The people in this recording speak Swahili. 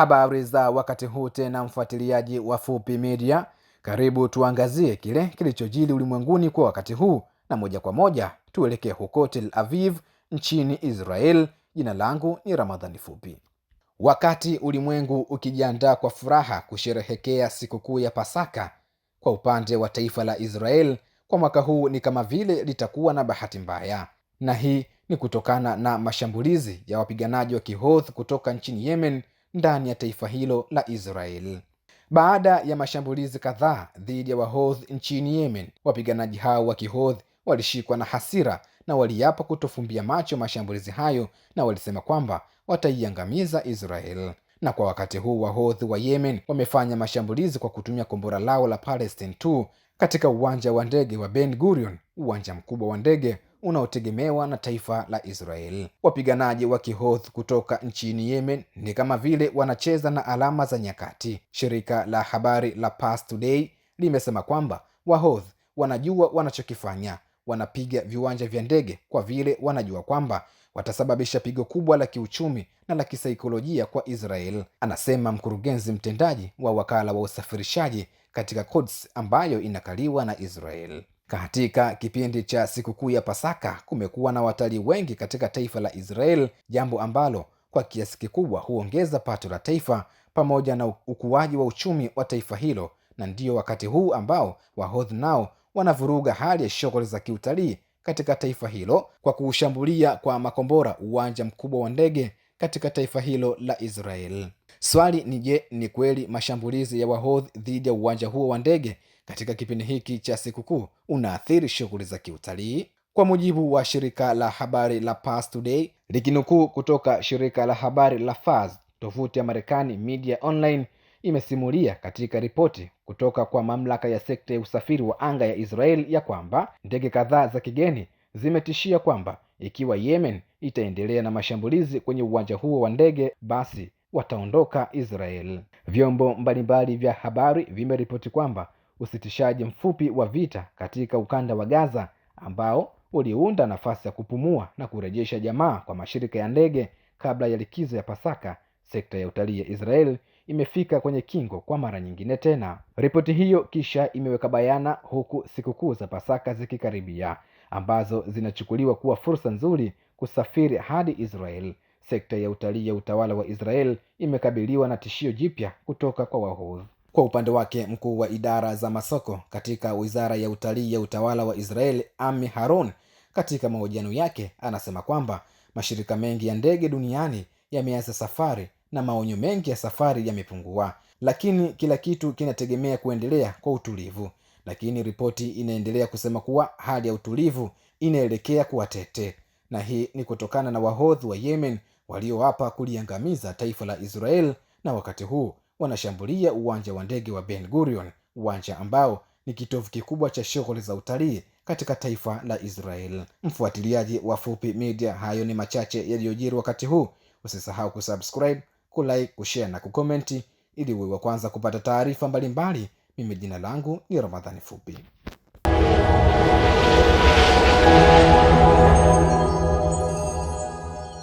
Habari za wakati huu tena, mfuatiliaji wa Fupi Media, karibu tuangazie kile kilichojiri ulimwenguni kwa wakati huu, na moja kwa moja tuelekee huko Tel Aviv nchini Israel. Jina langu ni Ramadhani Fupi. Wakati ulimwengu ukijiandaa kwa furaha kusherehekea sikukuu ya Pasaka, kwa upande wa taifa la Israel kwa mwaka huu ni kama vile litakuwa na bahati mbaya, na hii ni kutokana na mashambulizi ya wapiganaji wa Kihoth kutoka nchini Yemen ndani ya taifa hilo la Israel. Baada ya mashambulizi kadhaa dhidi ya Wahodh nchini Yemen, wapiganaji hao wa Kihodh walishikwa na hasira na waliapa kutofumbia macho mashambulizi hayo na walisema kwamba wataiangamiza Israel na kwa wakati huu wahodhi wa Yemen wamefanya mashambulizi kwa kutumia kombora lao la Palestine 2 katika uwanja wa ndege wa Ben Gurion, uwanja mkubwa wa ndege unaotegemewa na taifa la Israel. Wapiganaji wa Kihodhi kutoka nchini Yemen ni kama vile wanacheza na alama za nyakati. Shirika la habari la Pars Today limesema kwamba Wahodhi wanajua wanachokifanya, wanapiga viwanja vya ndege kwa vile wanajua kwamba watasababisha pigo kubwa la kiuchumi na la kisaikolojia kwa Israel, anasema mkurugenzi mtendaji wa wakala wa usafirishaji katika Quds ambayo inakaliwa na Israel. Katika kipindi cha sikukuu ya Pasaka kumekuwa na watalii wengi katika taifa la Israel, jambo ambalo kwa kiasi kikubwa huongeza pato la taifa pamoja na ukuaji wa uchumi wa taifa hilo, na ndiyo wakati huu ambao wahodhi nao wanavuruga hali ya shughuli za kiutalii katika taifa hilo kwa kuushambulia kwa makombora uwanja mkubwa wa ndege katika taifa hilo la Israel. Swali ni je, ni kweli mashambulizi ya Wahodhi dhidi ya uwanja huo wa ndege katika kipindi hiki cha sikukuu unaathiri shughuli za kiutalii? Kwa mujibu wa shirika la habari la Pars Today likinukuu kutoka shirika la habari la Fars, tovuti ya Marekani Media Online imesimulia katika ripoti kutoka kwa mamlaka ya sekta ya usafiri wa anga ya Israel ya kwamba ndege kadhaa za kigeni zimetishia kwamba ikiwa Yemen itaendelea na mashambulizi kwenye uwanja huo wa ndege basi wataondoka Israel. Vyombo mbalimbali vya habari vimeripoti kwamba usitishaji mfupi wa vita katika ukanda wa Gaza ambao uliunda nafasi ya kupumua na kurejesha jamaa kwa mashirika ya ndege kabla ya likizo ya Pasaka, sekta ya utalii ya Israel imefika kwenye kingo kwa mara nyingine tena. Ripoti hiyo kisha imeweka bayana, huku sikukuu za Pasaka zikikaribia, ambazo zinachukuliwa kuwa fursa nzuri kusafiri hadi Israel. Sekta ya utalii ya utawala wa Israel imekabiliwa na tishio jipya kutoka kwa Wahudhi. Kwa upande wake mkuu wa idara za masoko katika wizara ya utalii ya utawala wa Israel Ami Harun, katika mahojiano yake anasema kwamba mashirika mengi ya ndege duniani yameanza safari na maonyo mengi ya safari yamepungua lakini kila kitu kinategemea kuendelea kwa utulivu lakini ripoti inaendelea kusema kuwa hali ya utulivu inaelekea kuwa tete na hii ni kutokana na wahodhi wa yemen walioapa kuliangamiza taifa la israel na wakati huu wanashambulia uwanja wa ndege wa ben gurion uwanja ambao ni kitovu kikubwa cha shughuli za utalii katika taifa la israel mfuatiliaji wa fupi media hayo ni machache yaliyojiri wakati huu usisahau kusubscribe kulike kushare na kukomenti ili uwe wa kwanza kupata taarifa mbalimbali mimi jina langu ni ramadhani fupi